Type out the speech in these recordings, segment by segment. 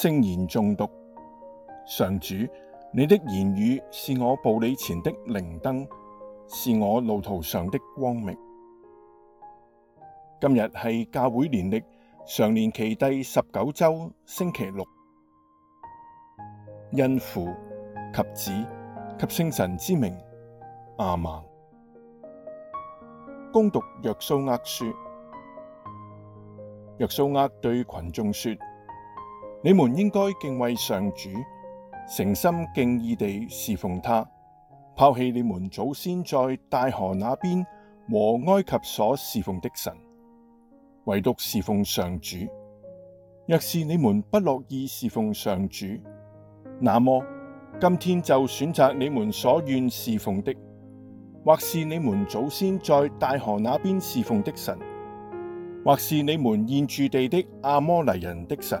聖言誦讀，上主，你的言語是我步履前的靈燈，是我路途上的光明。今日係教會年曆常年期第十九周星期六，因父及子及聖神之名阿瑪，恭讀若蘇厄書，若蘇厄對群眾說。你們應該敬畏上主，誠心敬意地侍奉他，拋棄你們祖先在大河那邊和埃及所侍奉的神，唯獨侍奉上主。若是你們不樂意侍奉上主，那麼今天就選擇你們所願侍奉的，或是你們祖先在大河那邊侍奉的神，或是你們現住地的阿摩黎人的神。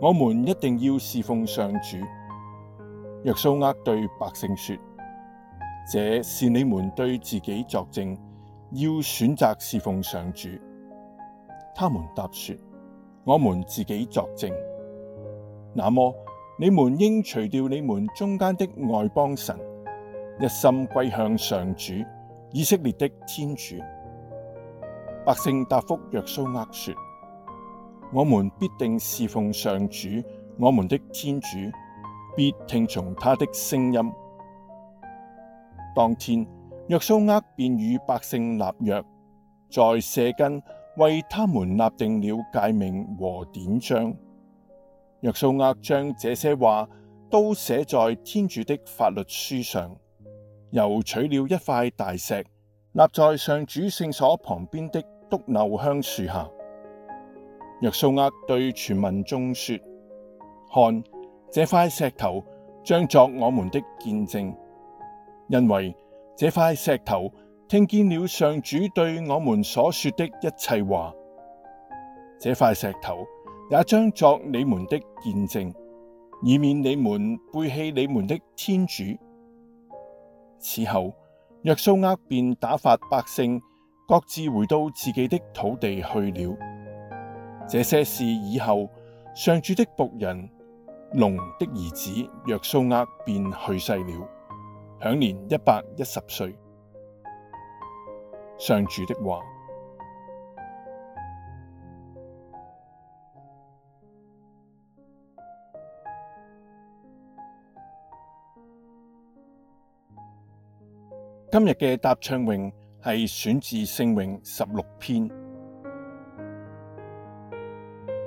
我們一定要侍奉上主。若蘇厄對百姓說：這是你們對自己作證，要選擇侍奉上主。他們答說：我們自己作證。那麼，你們應除掉你們中間的外邦神，一心歸向上主，以色列的天主。百姓答覆若蘇厄說。我們必定侍奉上主，我們的天主，必聽從他的聲音。當天，若蘇厄便與百姓立約，在舍根為他們立定了誡命和典章。若蘇厄將這些話都寫在天主的法律書上，又取了一塊大石，立在上主聖所旁邊的篤耨香樹下。若蘇厄對全民眾說：看！這塊石頭將作我們的見證，因為這塊石頭聽見了上主對我們所說的一切話。這塊石頭也將作你們的見證，以免你們背棄你們的天主。此後，若蘇厄便打發百姓各自回到自己的土地去了。這些事以後，上主的僕人，農的兒子若蘇厄便去世了，享年一百一十歲。上主的話：今日嘅答唱詠係選自聖詠十六篇。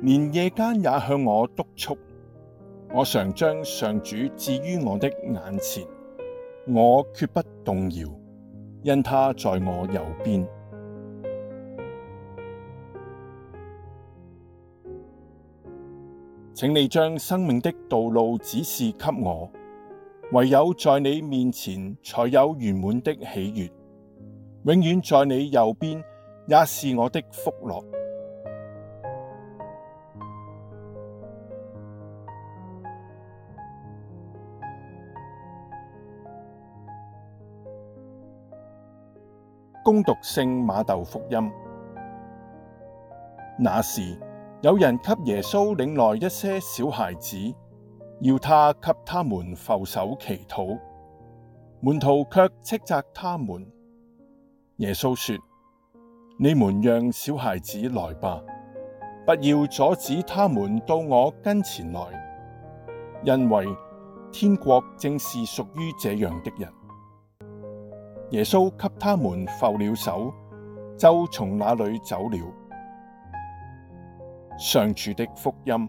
連夜間也向我督促，我常將上主置於我的眼前，我決不動搖，因他在我右邊。請你將生命的道路指示給我，唯有在你面前才有圓滿的喜悅，永遠在你右邊也是我的福樂。恭讀聖瑪竇福音。那時，有人給耶穌領來一些小孩子，要他給他們覆手祈禱，門徒卻斥責他們。耶穌說：你們讓小孩子來吧，不要阻止他們到我跟前來，因為天國正是屬於這樣的人。耶穌給他們覆了手，就從那裏走了。上主的福音。